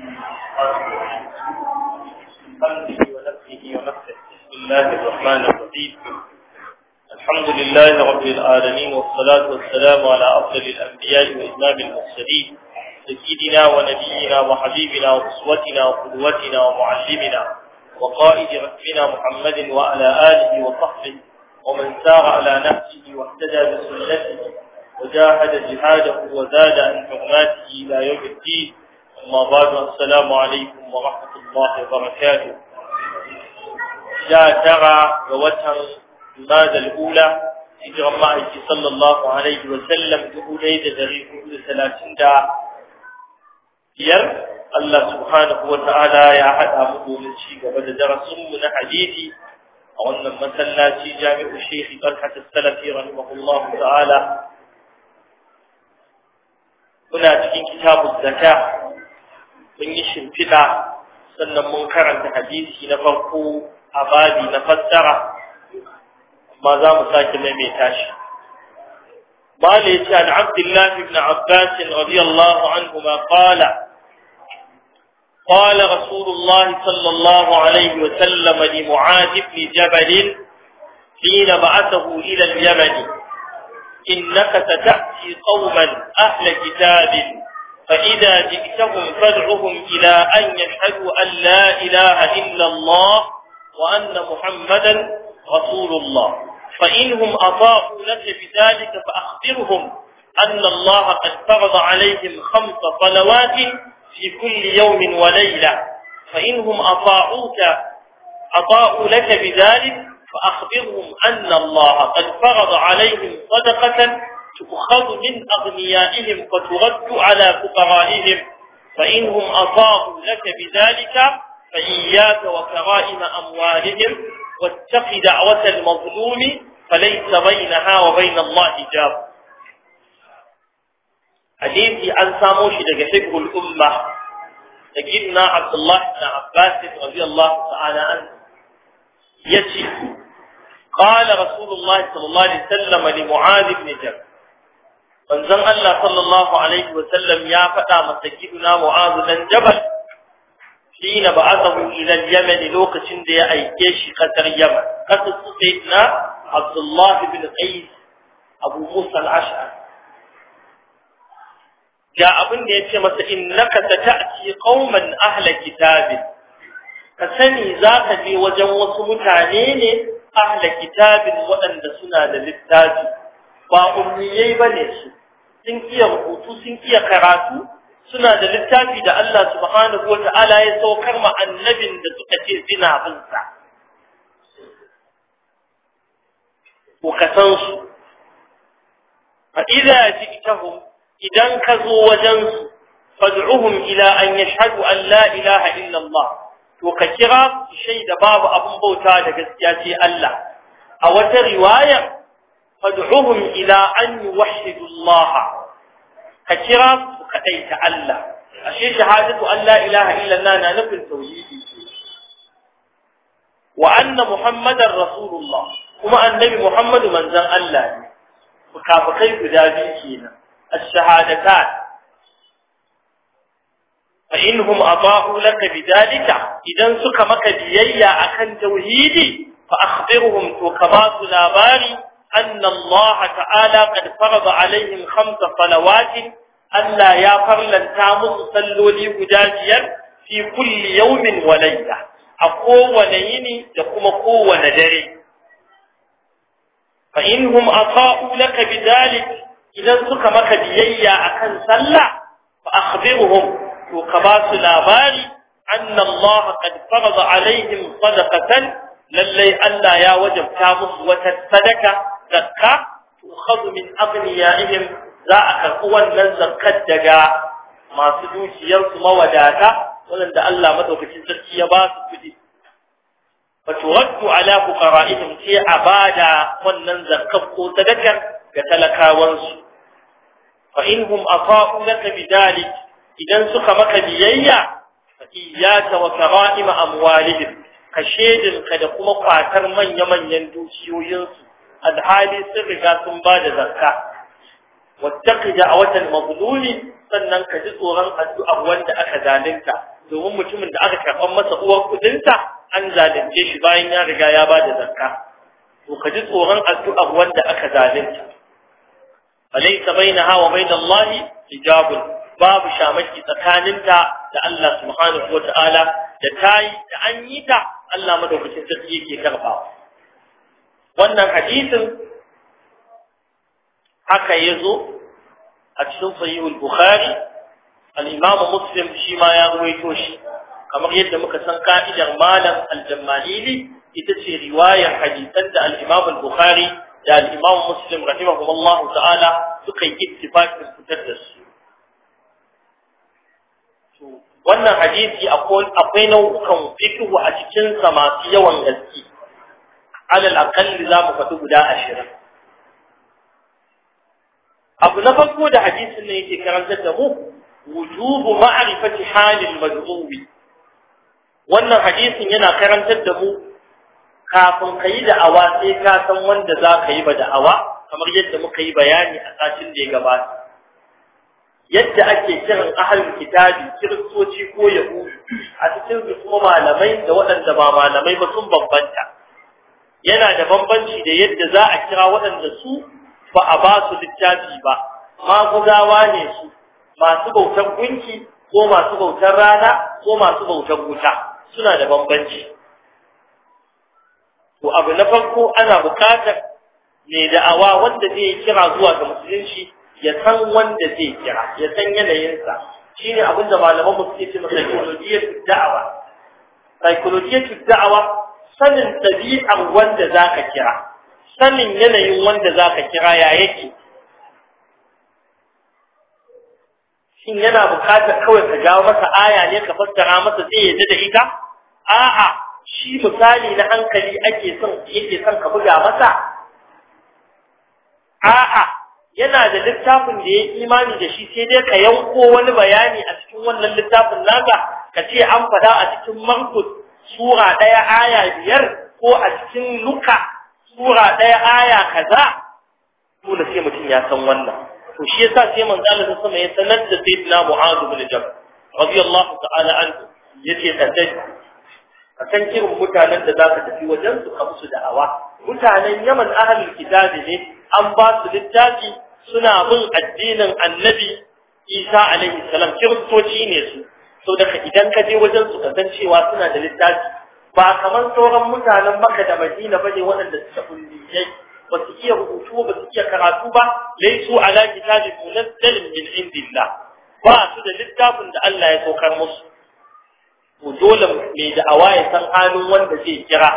بسم الله الرحمن الرحيم الحمد لله رب العالمين والصلاة والسلام على أفضل الأنبياء وإمام المرسلين سيدنا ونبينا وحبيبنا وأسوتنا وقدوتنا ومعلمنا وقائد ركبنا محمد وعلى آله وصحبه ومن سار على نفسه واهتدى بسنته وجاهد جهاده وزاد عن حرماته إلى يوم الدين أما بعد السلام عليكم ورحمة الله وبركاته لا ترى ووتر ماذا الأولى hijiran ma'aiki sallallahu alaihi wa sallam dubu ɗaya da dari da talatin da biyar Allah subhanahu ta'ala ya haɗa mu domin ci gaba da darasinmu na hadisi a wannan masallaci jami'u shehi barkat salafi rahimahullahu ta'ala muna cikin kitabu zaka mun yi shimfiɗa sannan mun karanta hadisi na farko a babi na fassara ma za mu sake maimaita shi Mali ya an Abdullah ibn Abbas radiyallahu anhu ma qala qala Rasulullah sallallahu alaihi wa sallam li Mu'adh ibn Jabal حين بعثه إلى اليمن إنك ستأتي قوما أهل كتاب فإذا جئتهم فادعهم إلى أن يشهدوا أن لا إله إلا الله وأن محمدا رسول الله فإنهم أطاعوا لك بذلك فأخبرهم أن الله قد فرض عليهم خمس صلوات في كل يوم وليلة فإنهم أطاعوك أطاعوا لك بذلك فأخبرهم أن الله قد فرض عليهم صدقة تؤخذ من أغنيائهم فترد على فقرائهم فإنهم أصابوا لك بذلك فإياك وكرائم أموالهم واتق دعوة المظلوم فليس بينها وبين الله جاب حديثي عن ساموش لقفقه الأمة سيدنا عبد الله بن عباس رضي الله تعالى عنه يتي قال رسول الله صلى الله عليه وسلم لمعاذ بن جبل manzon Allah sallallahu alaihi wa sallam ya faɗa masa giduna Mu'az dan Jabal shine ba'athahu ila al-Yaman lokacin da ya aike shi kasar Yaman kasar Sayyidina Abdullah ibn Qais Abu Musa al-Ash'ari ga abin da yace masa innaka sata'ti qauman ahla kitabi ka sani zaka je wajen wasu mutane ne ahla kitabin waɗanda suna da littafi ba ummiyai ne su sun iya rubutu sun iya karatu suna da littafi da Allah subhanahu wata'ala ya saukar ma annabin da suka ce suna bin sa ko ka idan ka zo wajen faduhun fad'uhum ila an yashhadu an ilaha to ka kira shaida babu abun bauta da gaskiya ce Allah a wata riwayar فادعوهم إلى أن يوحدوا الله كثيرا وكأيت الله أشيء شهادة أن لا إله إلا الله أننا نفي التوحيد وأن محمد رسول الله كما النبي نبي محمد من زن الله فكاف كيف ذاكينا الشهادتان فإنهم اطاعوا لك بذلك اذا سكمك ديئا أكن توحيدي فأخبرهم وكما باري أن الله تعالى قد فرض عليهم خمس صلوات ألا يا فرلن تامس صلوا لي قداجيا في كل يوم وليلة أقوى نيني لكم قوة ندري فإنهم أطاؤوا لك بذلك إذا سك مك بيي أكن سلع فأخبرهم وكباس لاباري أن الله قد فرض عليهم صدقة للي ألا يا وجب تامس وتتصدك zakka tukhadhu min aghniyaihim za a karɓi wannan zakkar daga masu dukiyarsu mawadata waɗanda Allah madaukakin sarki ya ba su kuɗi fa ala fuqara'ihim sai a bada wannan zakkar ko sadakar ga talakawansu fa inhum ata'u laka bidalik idan suka maka biyayya fa iyyaka wa kara'im amwalihim ka shedin ka da kuma kwatar manya-manyan dukiyoyinsu alhali sun riga sun ba da zakka wattaqi a watan mazluli sannan ka ji tsoron addu'ar wanda aka zalunta domin mutumin da aka karɓar masa uwar kudinta an zalunce shi bayan ya riga ya ba da zakka to ka ji tsoron addu'ar wanda aka zalunta alaysa bainaha wa bain Allah hijabun babu shamaki tsakaninta da Allah subhanahu wa ta'ala da tayi da an yi ta Allah madaukakin sarki yake karbawa wannan hadisin haka ya zo a cikin sahihul bukhari al-imamu muslim shi ma ya ruwaito shi kamar yadda muka san ka'idar malam al-jammalili ita ce riwayar hadisan da al al-bukhari da al-imamu muslim rahimahumullahu ta'ala suka yi ittifaqin fitar da su wannan hadisi akwai nau'ukan fikihu a cikinsa masu yawan gaske alal akalli za mu faɗi guda ashirin abu na farko da hadisin ne yake karantar da mu wujubu ma'rifati halil mad'ubi wannan hadisin yana karantar da mu kafin ka yi da'awa sai ka san wanda za ka yi ba da'awa kamar yadda muka yi bayani a sashin da ya gabata yadda ake kiran ahalin kitabi kiristoci ko yahudu a cikin su kuma malamai da waɗanda ba malamai ba sun bambanta yana da bambanci da yadda za a kira waɗanda su ba a ba su littafi ba maguzawa ne su masu bautar gunki ko masu bautar rana ko masu bautar wuta suna da bambanci to abu na farko ana buƙatar mai da'awa wanda zai kira zuwa ga musulunci ya san wanda zai kira ya san yanayinsa shine abin da malaman mu suke ce masa da'awa psychologiyatul da'awa sanin ɗabi'ar wanda za ka kira sanin yanayin wanda za ka kira ya yake shin yana bukatar kawai ka jawo masa aya ne ka fassara masa zai yadda da ita a'a shi misali na hankali ake son yake son ka buga masa a'a yana da littafin da ya imani da shi sai dai ka yanko wani bayani a cikin wannan littafin naka ka ce an faɗa a cikin mankus sura ɗaya aya biyar ko a cikin luka sura ɗaya aya kaza dole sai mutum ya san wannan to shi yasa sai manzo Allah sama ya sanar da sayyidina Mu'adh bin Jabal radiyallahu ta'ala anhu yace kadai a san kirin mutanen da zaka tafi wajen su ka musu da'awa mutanen Yaman ahlul kitabi ne an ba su littafi suna bin addinin Annabi Isa alaihi salam kiristoci ne su so daga idan ka je wajen su kasan cewa suna da littafi ba kamar sauran mutanen maka da madina ba ne waɗanda suka kulliyai ba su iya rubutu ba su iya karatu ba laisu ala kitabin munazzalin min indillah ba su da littafin da Allah ya saukar musu to dole mai da ya san halin wanda zai kira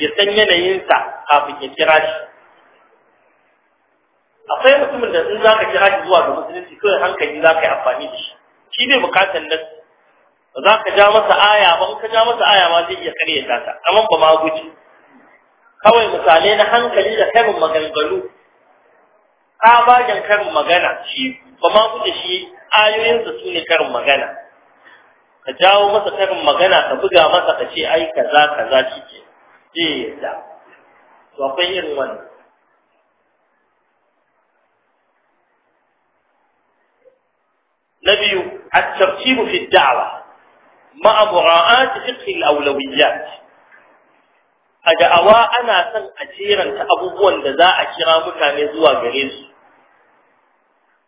ya san yanayinsa kafin ya kira shi akwai mutumin da in za ka kira shi zuwa ga musulunci kawai hankali za ka yi amfani da shi shi ne bukatar nasu ba za ka ja masa aya ba ka ja masa aya ma zai iya kare ta amma ba ma guji kawai misalai na hankali da karin maganganu tsabagen karin magana shi ba ma guji shi ayoyinsa su ne karin magana ka jawo masa karin magana ka buga masa ka ce ai kaza kaza shi ke yadda to akwai irin wannan na biyu at-tartibu fi da'wa مع مراعاة فقه الأولويات a da'awa ana son a jeranta abubuwan da za a kira mutane zuwa gare su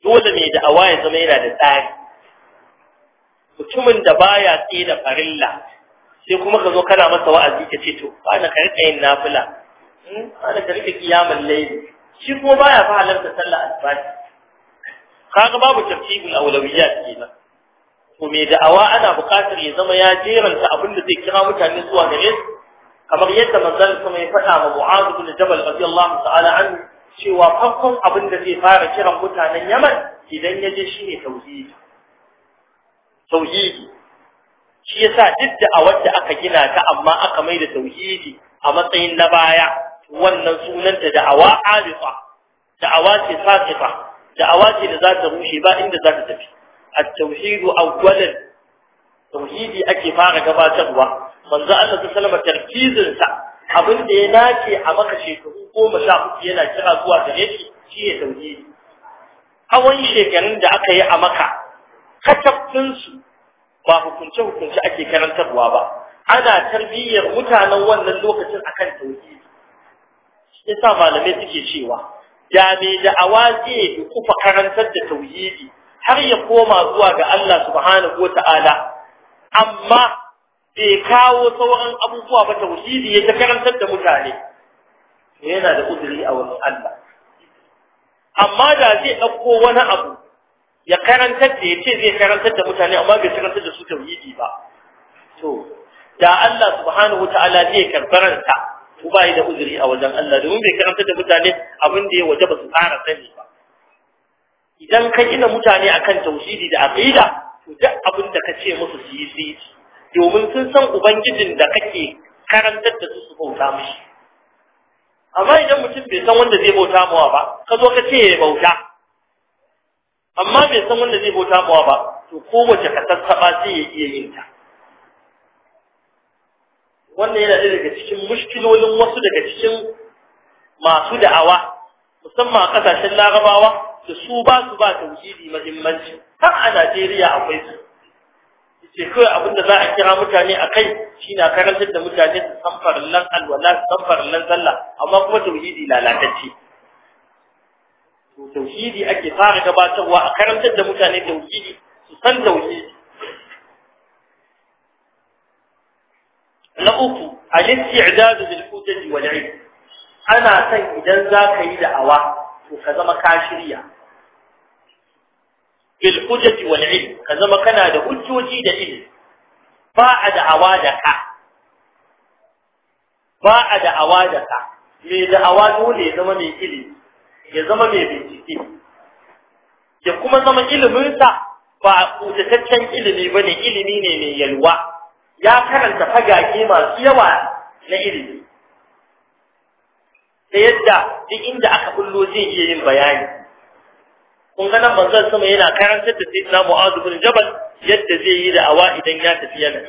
dole mai da'awa ya zama yana da tsari mutumin da baya tsaye da farilla sai kuma ka zo kana masa wa'azi ka ce to ba na karka yin nafila ba na karka kiyamun laifi. shi kuma baya fa halarta sallah asibati kaga babu tartibul awlawiyat kenan ko mai da'awa ana buƙatar ya zama ya jeranta abin da zai kira mutane zuwa gare su kamar yadda manzon sama ya faɗa ma Mu'adh bin Jabal radiyallahu ta'ala anhu cewa farkon abin da zai fara kiran mutanen Yaman idan ya je shine tauhidi tauhidi shi yasa duk da'awar da aka gina ta amma aka mai da tauhidi a matsayin na baya wannan sunanta da'awa alifa da'awa ce da'awa ce da za ta rushe ba inda za ta tafi A tauhid awwalan tauhidi ake fara gabatarwa manzo Allah sallama tarkizin sa abin da ya dace a maka shekaru goma sha uku yana kira zuwa gare shi shi ne tauhidi hawan shekarun da aka yi a maka kacafin ba hukunce hukunce ake karantarwa ba ana tarbiyyar mutanen wannan lokacin akan tauhidi yasa malamai suke cewa da mai da'awa zai kufa karantar da tauhidi har ya koma zuwa ga Allah subhanahu wata'ala amma bai kawo sauran abubuwa ba tauhidi ya ta karantar da mutane yana da uzuri a wurin Allah amma da zai ɗauko wani abu ya karantar da ya ce zai karantar da mutane amma bai karantar da su tauhidi ba to da Allah subhanahu wata'ala zai karbaranta ko ba da uzuri a wajen Allah domin bai karantar da mutane abin da ya waje ba su tsara sani ba idan ka gina mutane akan tauhidi da aqida to duk abin da ka ce musu su yi su yi domin sun san ubangijin da kake karantar da su su bauta mishi amma idan mutum bai san wanda zai bauta mawa ba ka zo ka ce ya bauta amma bai san wanda zai bauta mawa ba to kowace ka sassaɓa sai ya iya yin ta wannan yana ɗaya daga cikin mushkilolin wasu daga cikin masu da'awa musamman a ƙasashen larabawa da su ba su ba tauhidi muhimmanci har a Najeriya akwai su ce kai abin da za a kira mutane a kai shi na karantar da mutane su san farillan alwala su san farillan sallah amma kuma tauhidi lalatacce to tauhidi ake fara gabatarwa a karantar da mutane tauhidi su san tauhidi na uku al-isti'dad bil hujaj wal ilm ana san idan za ka yi da'awa to ka zama ka shirya bil hujjati wal ilm ka zama kana da hujjoji da ilmi ba a da'awa da ka ba a da'awa da ka mai da'awa dole ya zama mai ilimi ya zama mai bincike ya kuma zama iliminsa ba kutataccen ilimi ba ne ilimi ne mai yalwa ya karanta fagage masu yawa na ilimi ta yadda duk inda aka kullo zai iya yin bayani kun ga nan manzon sama yana karantar da sayyidina Mu'adh bin Jabal yadda zai yi da awa idan ya tafi yana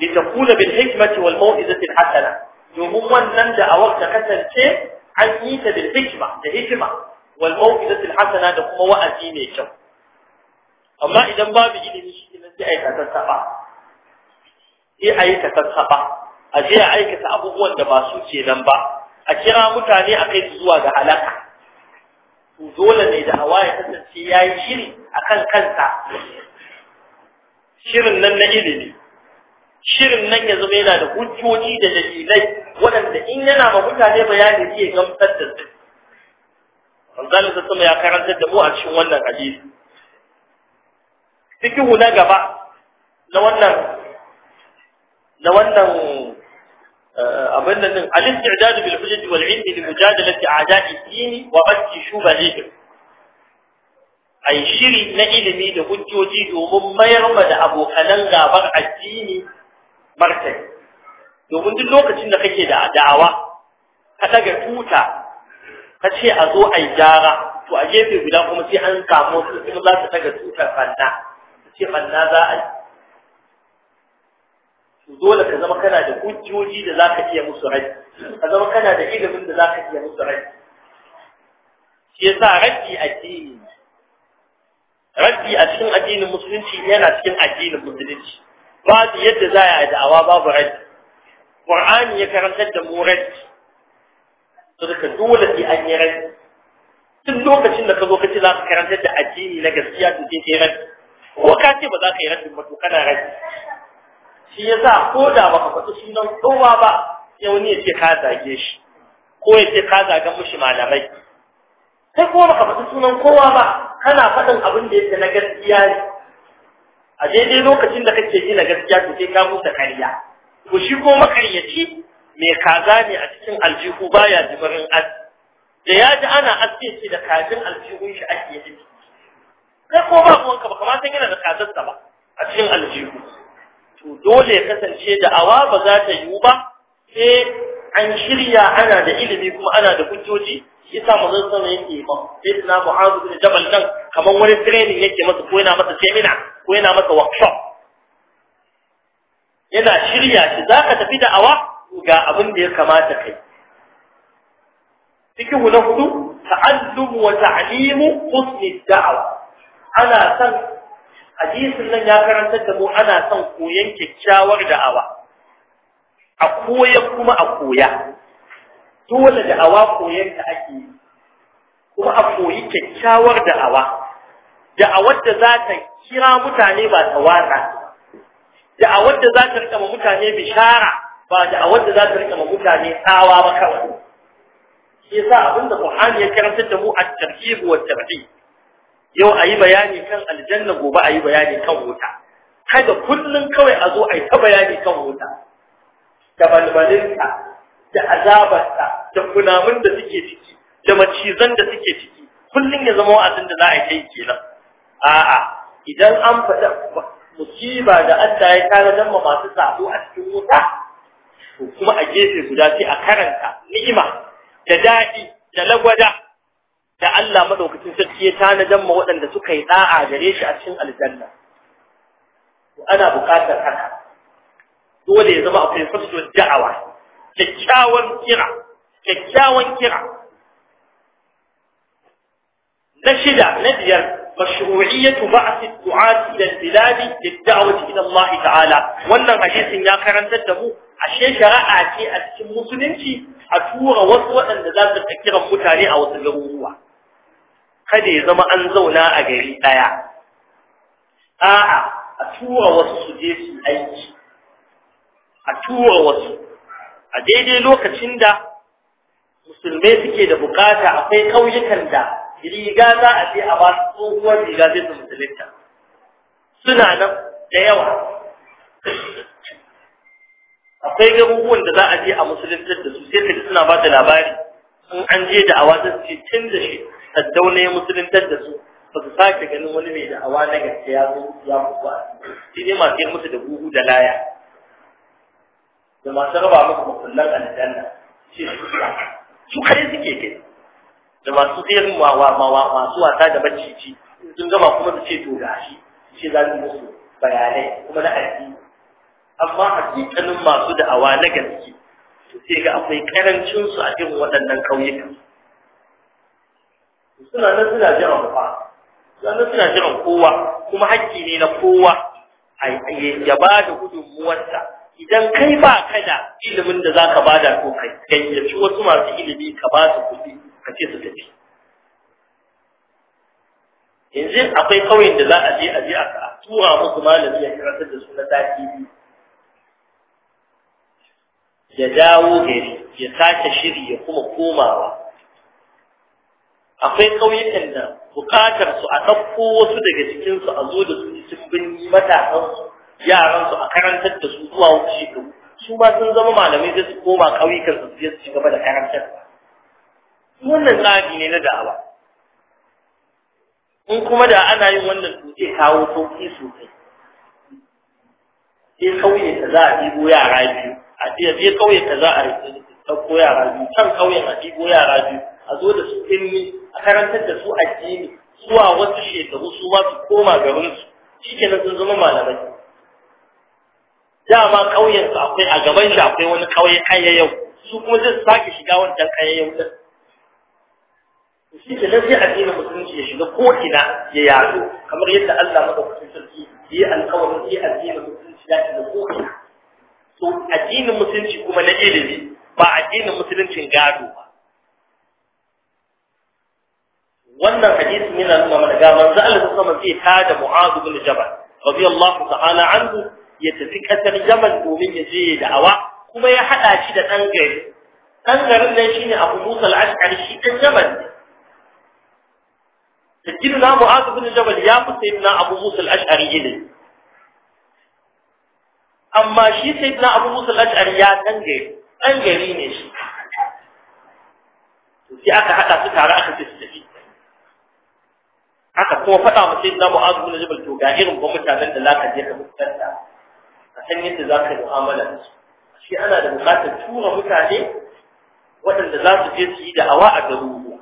litakuna bil hikmati wal mau'izati al hasana domin wannan da awar ta kasance an yi ta bil hikma da hikma wal mau'izati al hasana da kuma wa'azi mai kyau amma idan babu ilimi shi ne sai ai ta tsaba sai ai ta tsaba a je a aikata abubuwan da ba su kenan ba a kira mutane a kai zuwa ga halaka to dole ne da hawa ya kasance ya yi shiri a kan kansa shirin nan na ilimi shirin nan ya zama yana da hujjoji da dalilai waɗanda in yana ma mutane bayani zai gamsar da su manzalin sa sama ya karanta da mu a cikin wannan hadisi fikihu na gaba na wannan na wannan abin nan al-istidad bil hujj wal ilm li mujadalati a'da'i din wa qad shubahihim ai shiri na ilimi da hujjoji domin mayar ma da abokanan gabar addini martani domin duk lokacin da kake da da'awa ka daga tuta ka ce a zo ai gyara to a gefe guda kuma sai an kamo su kuma za su daga tutar fanna ce fanna za a yi dole ka zama kana da hujjoji da zaka iya musu rai ka zama kana da ilimin da zaka iya musu rai shi yasa raddi addini raddi a cikin addinin musulunci yana cikin addinin musulunci babu yadda za a yi da'awa babu rai. qur'ani ya karantar da mu rai. to daga dole sai an yi rai. tun lokacin da ka zo ka ce za ka karantar da addini na gaskiya to sai kai raddi ko ka ce ba za ka yi raddi ba to kana rai. shi ya sa ko da baka faɗi sunan kowa ba sai wani ya ce ka zage shi ko ya ce ka zaga mushi malamai sai kuma baka faɗi sunan kowa ba kana faɗin abin da yake na gaskiya ne a daidai lokacin da kake gina gaskiya to sai ka musa karya ko shi ko makaryaci mai kaza ne a cikin aljihu baya jibirin aski da ya ji ana aske shi da kajin aljihun shi ake yi kai ko ba wanka ba kamar san yana da kazarsa ba a cikin aljihu to dole ya kasance da'awa ba za ta yiwu ba sai an shirya ana da ilimi kuma ana da hujjoji yasa zan sama yake ba sai na mu'azu da jabal nan kamar wani training yake masa ko yana masa seminar ko yana masa workshop yana shirya shi za ka tafi da'awa ga abin da ya kamata kai fikihu na hudu ta'allum wa ta'limu husnul da'awa ana san hadisin nan ya karanta da mu ana son koyon kyakkyawar da'awa a koya kuma a koya dole da'awa koyon ta ake yi kuma a koyi kyakkyawar da'awa da'awar da za ta kira mutane ba ta watsa da'awar da za ta rikama mutane bishara ba da'awar da za ta rikama mutane tsawa ba kawai shi yasa abinda Qur'ani ya karanta da mu a tarhib wa tarhib yau a yi bayani kan aljanna gobe a yi bayani kan wuta kada kullum kawai a zo a yi ta bayani kan wuta da balbalinta da azabarta da kunamun da suke ciki da macizan da suke ciki kullum ya zama wa'azin da za a kai kenan a'a idan an faɗa musiba da Allah ya kare dan ma masu sabo a cikin wuta to kuma a gefe guda sai a karanta ni'ima da daɗi da lagwada da Allah madaukakin sarki ya tanadan ma waɗanda suka yi da'a gare shi a cikin aljanna to ana buƙatar haka dole ya zama akwai fasdul da'awa kyakkyawan kira kyakkyawan kira na shida na biyar mashru'iyyatu ba'th ad-du'at ila al-bilad lid ila Allah ta'ala wannan hadisin ya karantar da mu ashe shari'a ce a cikin musulunci a tura wasu waɗanda za su kiran mutane a wasu garuruwa kada ya zama an zauna a gari ɗaya a'a a tura wasu su je su aiki a tura wasu a daidai lokacin da musulmai suke da bukata akwai ƙauyukan da riga za a je a ba su tsohuwar riga zai su musulunta suna nan da yawa akwai garuruwan da za a je a musulunta da su sai ka suna ba da labari in an je da awa zai ce tun da shi saddauna ya musuluntar da su ba su sake ganin wani mai da'awa na gaske ya zo ya kuwa shi ne masu yin musu da buhu da laya da masu raba musu makullan aljanna shi su su kare suke kai da masu sayar masu wasa da bacci sun gama kuma su ce to gashi shi za su musu bayanai kuma na aiki amma cikin masu da'awa na gaske to sai ga akwai karancin su a irin waɗannan ƙauyukan suna nan suna jiran kowa suna nan suna jiran kowa kuma hakki ne na kowa ya ba da gudunmuwarsa idan kai ba ka da ilimin da za ka ba da ko kai gayyaci wasu masu ilimi ka ba su kuɗi ka ce su tafi yanzu akwai kauyen da za a je a je a tura muku malami ya kira da su na sati ya dawo gari ya sake shiri ya kuma komawa akwai kauyukan da buƙatar su a ɗauko wasu daga cikinsu a zo da su cikin binni yaran yaransu a karantar da su zuwa wuce shekaru su ma sun zama malamai sai su koma ƙauyukan su je su ci gaba da karantar wannan tsari ne na da'awa in kuma da ana yin wannan to zai kawo sauƙi sosai sai kauye ta za a ɗibo yara biyu a je kauye ta za a ɗauko yara biyu can kauyen a ɗibo yara biyu a zo da su ɗinni a karantar da su addini zuwa wasu shekaru su ma su koma gabansu, shi kenan sun zama malamai dama ƙauyensu akwai a gaban shi akwai wani ƙauye kayayyau su kuma zai sake shiga wancan kayayyau ɗin shi ke nan sai addinin musulunci ya shiga ko ina ya yaro, kamar yadda Allah madaukakin sarki yi alƙawarin yi addinin musulunci ya shiga ko ina so addinin musulunci kuma na ilimi ba addinin musuluncin gado ba wannan hadisi yana nuna mana ga manzo Allah ta sama sai ta da Mu'adh bin Jabal radiyallahu ta'ala anhu ya tafi kasar Yaman domin ya je da'awa kuma ya hada shi da dan gari dan garin nan shine Abu Musa al-Ash'ari shi dan Yaman Sayyidina Mu'adh bin Jabal ya fi Sayyidina Abu Musa al-Ash'ari ne amma shi sai Sayyidina Abu Musa al-Ash'ari ya dan gari dan gari ne shi sai aka hada su tare aka tafi haka kuma faɗa mu sai zamu azu bin jabal to ga irin ba mutanen da laka je ka fuskanta ka san yadda zaka yi mu'amala da su shi ana da bukatar tura mutane waɗanda za su je su yi da'awa a garuruwa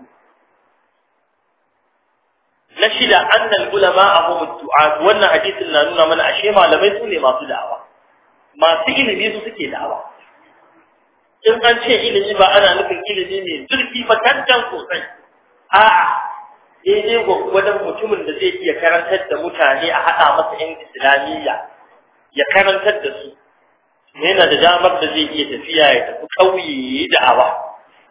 na shida annal ulama ahum du'at wannan hadisin na nuna mana ashe malamai su ne masu da'awa masu ilimi su suke da'awa in an ce ilimi ba ana nufin ilimi mai zurfi ba tantan sosai a'a daidai gwaggwadon mutumin da zai iya karantar da mutane a haɗa masa ‘yan islamiyya ya karantar da su yana da damar da zai iya tafiya ya tafi ƙauye da awa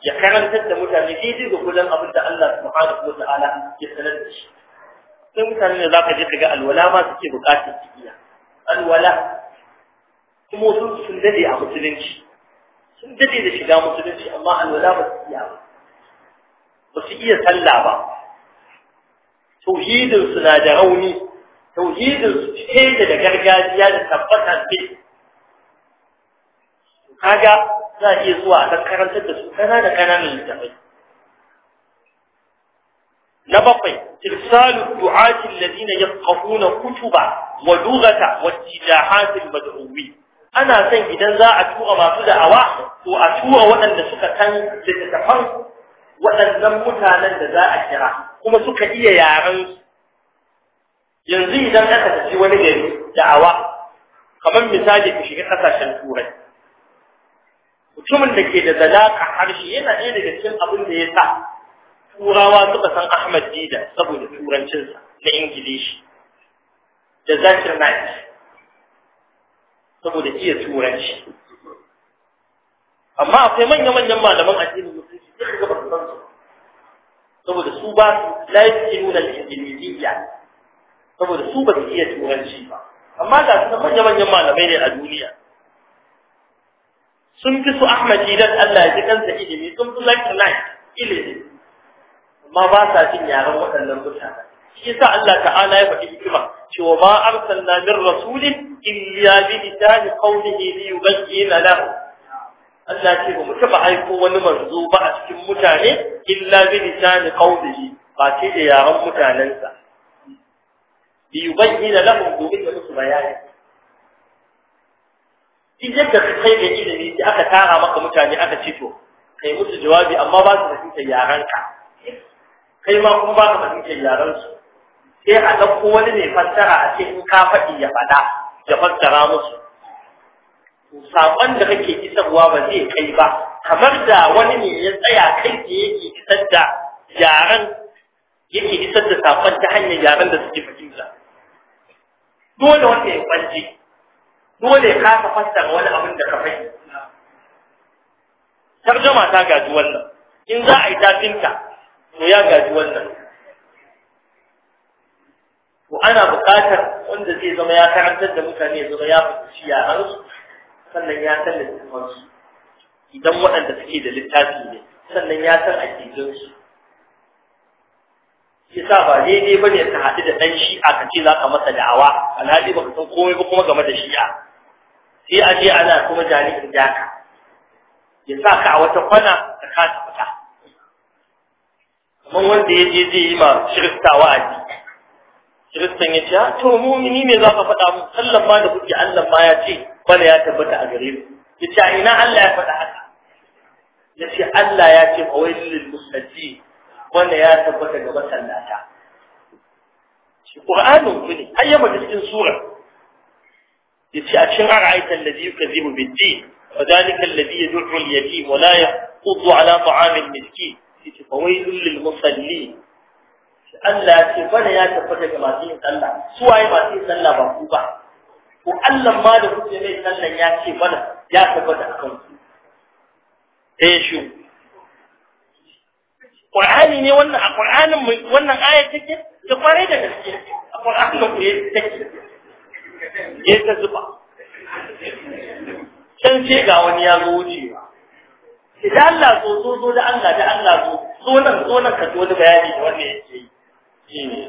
ya karantar da mutane daidai gwaggwadon abin da Allah subhanahu wa ta'ala ya sanar da shi sai mutane ne za ka je ka ga alwala ma suke buƙatar su iya alwala kuma sun sun dade a musulunci sun dade da shiga musulunci amma alwala ba su iya ba. ba su iya sallah ba tauhidin su na da rauni tauhidin su cike da gargajiya da tabbatar ce kaga za a iya zuwa a karantar da su kana da kananan littafai na bakwai tirsalu du'ati alladhina yafqahuna kutuba wa lughata wa tijahat maduwi ana san idan za a tura masu da'awa to a tura waɗanda suka san littattafan waɗannan mutanen da za a kira kuma suka iya yaren yanzu idan aka tafi wani gari da'awa kamar misali ku shiga ƙasashen turai mutumin da ke da zalaka harshe yana ɗaya daga cikin abin da ya sa turawa suka san ahmad dida saboda turancinsa na ingilishi da zakir naik saboda iya turanci amma akwai manya-manyan malaman addinin littafansu saboda su ba la yaqinuna al-injiliziyya saboda su ba su iya turanci ba amma ga su manya manyan malamai ne a duniya sun fi su Ahmad idan Allah ya ji kansa ilimi sun fi like like ilimi amma ba sa jin yaren waɗannan mutane shi yasa Allah ta'ala ya faɗi hikima cewa ma arsalna min rasulin illa bi lisani qawlihi li yubayyana lahu Allah ce ba mu taba aiko wani manzo ba a cikin mutane illa bi lisani qawlihi ba ce da yaran mutanensa bi yubayyana lahum domin da musu bayani in yadda ka kai da ilimi da aka tara maka mutane aka ce to kai musu jawabi amma ba su fahimtar yaran ka kai ma kuma ba ka fahimtar yaran su sai a ɗauko wani ne fassara a ce in ka faɗi ya faɗa ya fassara musu saƙon da kake isarwa ba zai kai ba kamar da wani ne ya tsaya kai da yake isar da yaren yake isar da saƙon ta hanyar yaren da suke fahimta dole wanda ya kwanci dole ya kasa fassara wani abin da ka fahimta tarjama ta gaji wannan in za a yi tafinta to ya gaji wannan to ana buƙatar wanda zai zama ya karantar da mutane zama ya fahimci yaren sannan ya san littafansu idan waɗanda suke da littafi ne sannan ya san ya sa ba daidai ba ne ka haɗu da ɗan shi'a ka ce za ka masa da'awa alhali ba ka san komai ba kuma game da shi'a sai a je ana kuma jami'in daka ya sa ka a wata kwana ka kasa fita kamar wanda ya je zai yi ma shirista wa'azi kiristan ya ce ah, to ni me za ka faɗa mu sallan ma da kuke allah ma ya ce bala ya tabbata a gare ku yace ina Allah ya faɗa haka Ya ce Allah ya ce fawailul lil musallin wanda ya tabbata gaba sallata. shi qur'anin ku ne ayyama da cikin sura Ya ce a cikin ara'aita allazi yukazibu ya din وذلك الذي يدعو اليتيم ولا يحض على طعام المسكين فويل للمصلين Allah ya ce bane ya tabbata ga masu yin sallah su waye masu yin sallah ba ku ba ko Allah ma da kuke mai sallan ya ce mana ya tabbata akan ku eh shi Qur'ani ne wannan a Qur'anin wannan aya take da kware da gaske a Qur'anin ku take ya ta zuba san ce ga wani ya zo wucewa idan Allah zo zo zo da Allah da Allah zo zo nan zo nan ka zo da bayani da wannan yake yi shi ne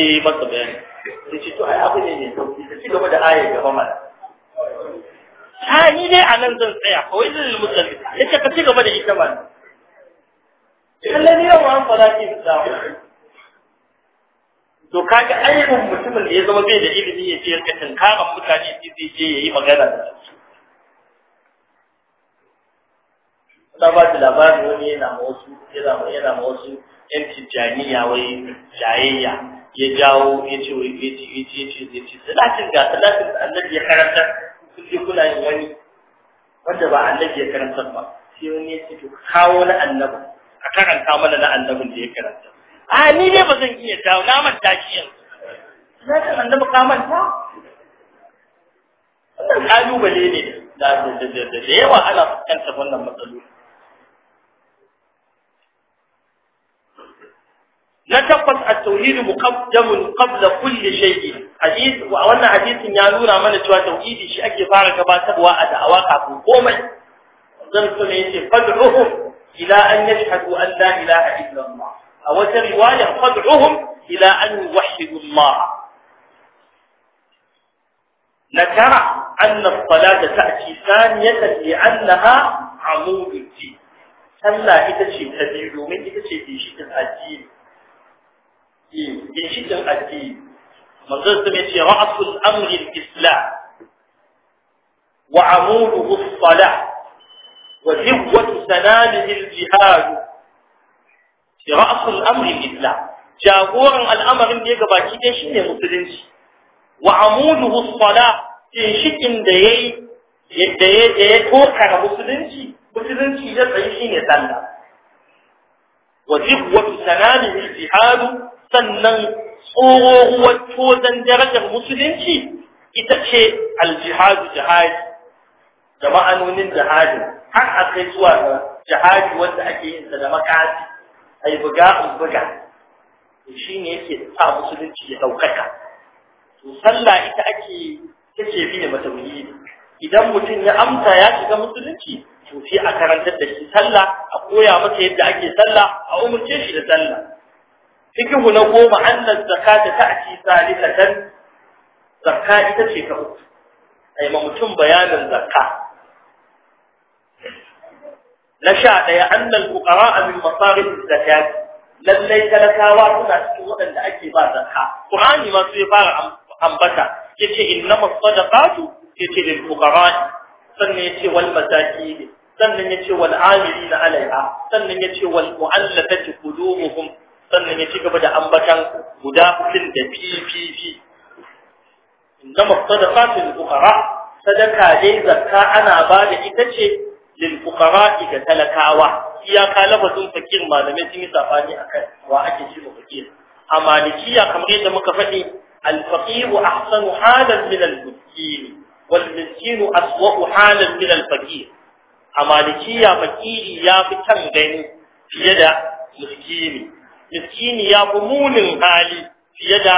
eh masa bayani da ce to ai abu ne ne sauki ka ci gaba da ayar gaba mana ta ni dai a nan zan tsaya kawai zan yi musulmi ya ce ka ci gaba da ita mana kallon yawan an fara ke da to kaga aibin mutumin da ya zama bai da ilimi ya ce ya ka tunkaran mutane sai zai je ya yi magana da su ta ba da labarin wani yana ma wasu yana ma wasu yan tijjaniya wai jayayya ya jawo ya ce ya ce ya ce ya ce salatin ga salatin da annabi ya karanta kuke kula yin wani wanda ba annabi ya karanta ba sai wani ya ce to kawo na annabi ka karanta mana na annabin da ya karanta a ni ne ba zan iya jawo, na manta shi yanzu salatin annabi ka manta wannan kalubale ne da da da yawa ana fuskantar wannan matsaloli نتقص التوحيد مقدم قبل كل شيء حديث wannan حديث ya nuna mana cewa tauhidi shi ake fara gabatarwa a da'awa kafin komai zan so ne yace fad'uhum ila an yashhadu an la ilaha illa Allah a wata riwaya fad'uhum ila an yuwahhidu Allah نكر أن الصلاة تأتي ثانية لأنها عمود الدين صلى إتشي تدين من إتشي في شيء الدين ginshikin addini manzon sun ce ra'asul amri al-islam wa amuduhu as-salah wa hiwwatu sanamihi al-jihad shi ra'asul amri islam jagoran al'amarin da ya gabaci dai shine musulunci wa amuduhu as-salah ginshikin da yayi yadda ya tokara musulunci musulunci ya tsayi shine sallah wa hiwwatu sanamihi al-jihad sannan tsohuwar tozon darajar musulunci ita ce aljihadu jihadi da ma'anonin jihadi har a kai zuwa ga jihadi wanda ake yin sa da makasi a yi buga in buga shi ne yake sa musulunci ya ɗaukaka to sallah ita ake take biye mata idan mutum ya amsa ya shiga musulunci to sai a karantar da shi sallah a koya masa yadda ake sallah a umurce shi da sallah fikihu na goma annan annas zakata ta'ti salisatan zakka ita ce ta uku ai ma mutum bayanin zakka na sha daya annal fuqara min masarif zakat lallai talakawa suna cikin waɗanda ake ba zakka qur'ani ma sai fara ambata yace innamas sadaqatu yace lil fuqara sannan yace wal masakin sannan yace wal amilina alaiha sannan yace wal mu'allafati qulubuhum sannan ya ci gaba da ambatan guda hudun da PPP inda fatin fuqara sadaka dai zakka ana ba da ita ce lil fuqara ga talakawa iyaka lafazin fakir malamai sun yi safani a kai, wa ake ce fakir a malikiya kamar yadda muka faɗi al-faqiru ahsanu halan min al-miskin wal miskin aswa'u halan min al-faqir a malikiya fakiri ya fi kan fiye da miskini miskini ya fi munin hali fiye da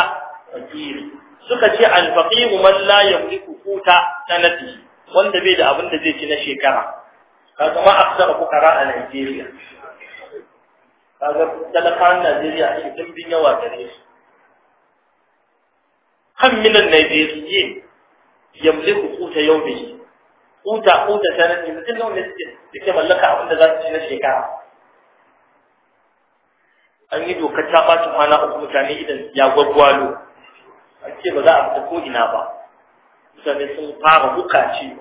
fakiri suka ce alfaqihu man la yamliku kuta sanati wanda bai da abin da zai ci na shekara kaga ma aksar fuqara a Najeriya kaga talakan Najeriya ake bin yawa gare su kan minan Najeriya yamliku quta kuta kuta kuta sanati mutum ne suke mallaka abin da za su ci na shekara an yi dokar ta ɓata kwana uku mutane idan ya gwaggwalo a ce ba za a fita ko ina ba mutane sun fara ce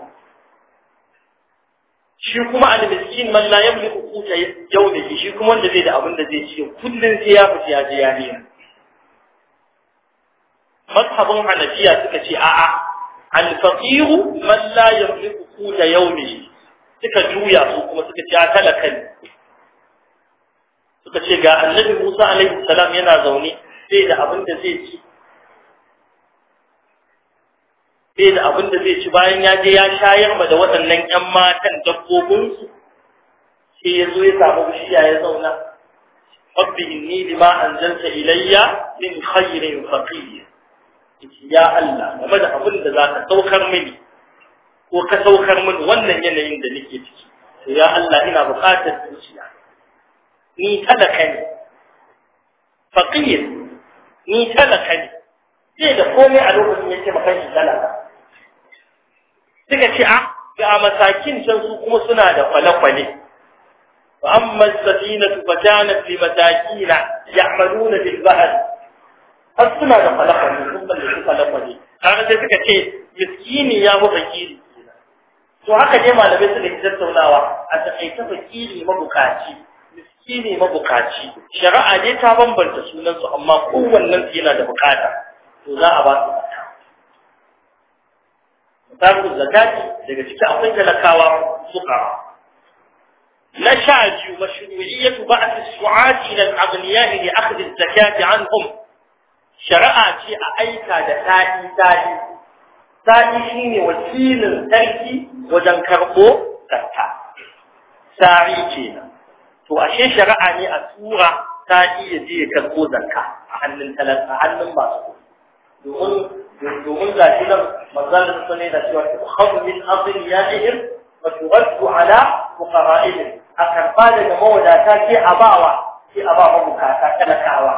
shi kuma a miskin man la kuta yau da shi kuma wanda zai da abin da zai ci kullun sai ya fita ya je ya ne mazhabun hanafiya suka ce a'a al-faqir man la yamliku yau ne suka juya su kuma suka ce talaka ne suka ce ga annabi Musa alaihi salam yana zaune sai da abin da zai ci sai da abin da zai ci bayan ya je ya shayar ma da waɗannan ƴan matan dabbobinsu sai ya zo ya samu bishiya ya zauna rabbi inni lima anzalta ilayya min khairin faqir ya Allah game da abin da zaka saukar mini ko ka saukar mini wannan yanayin da nake ciki ya Allah ina buƙatar zuciya ni talaka ne faqir ni talaka ne sai da komai a lokacin ya ce makan shi talaka suka ce a ah, ga masakin can su kuma suna da kwale-kwale fa amma safinatu fa kanat li masakina ya'maluna bil bahr har suna da kwale-kwale sun balle su kwale-kwale har sai suka ce miskini ya fi fakiri to haka ne malamai suka yi tattaunawa a takaice fakiri mabukaci shi ne mabukaci shari'a ne ta bambanta sunansu amma kowannen su yana da bukata to za a ba su zakka misalin zakati daga ciki akwai talakawa suka na sha biyu mashru'iyyatu ba'ath as-su'ati ila al-aghniya li akhdh az-zakati anhum shari'a ce a aika da ta'i ta'i ta'i shine wakilin sarki wajen karbo zakka sa'i kenan to ashe shari'a ne a tura ta iya je ya karɓo zakka a hannun talaka a hannun masu domin domin ga shi nan manzalin su ne da cewa khawf min azin yadihim wa turaddu ala fuqara'ihim a karɓa daga mawadata ke a bawa ke a ba mabukata talakawa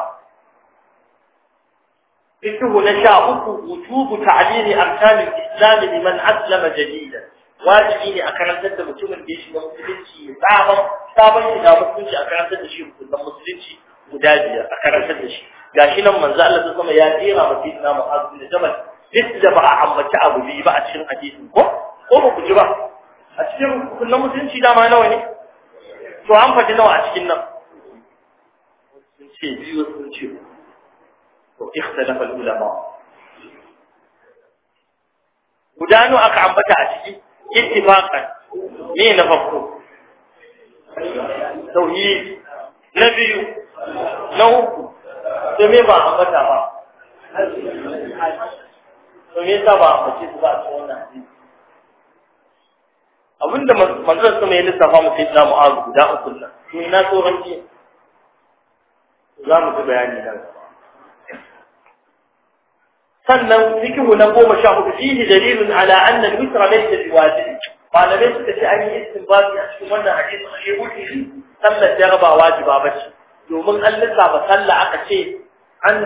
fikihu na sha uku wujubu ta'lili amsalil islam liman aslama jadidan wajibi ne a karantar da mutumin da ya shiga musulunci ya sabon sabon shiga musulunci a karantar da shi hukunan musulunci guda biyar a karantar da shi gashi nan manzo Allah ta sama ya jera ma fi na mu'azzu da jabal duk da ba a ambaci abu biyu ba a cikin hadisi ko ko ba ku ji ba a cikin hukunan musulunci dama nawa ne to an faɗi nawa a cikin nan Musulunci biyu sun ce to ikhtalafa al-ulama gudanu aka ambata a ciki ittifaqan ne na farko tauhid na biyu na uku to me ba ambata ba to me sa ba ambace su ba a cikin wannan Abin abinda manzon sama ya lissafa mu sai na mu'azu guda uku nan to ina tsoron ji za mu ji bayani nan gaba سلم ذكره لقوم شاهد فيه دليل على أن الوتر ليس بواجب قال ليس بأي اسم باقي أشكمنا عجيب خشيب فيه سمت يغبى واجب أبشي يومن أن نسعب سلع قشيب عنا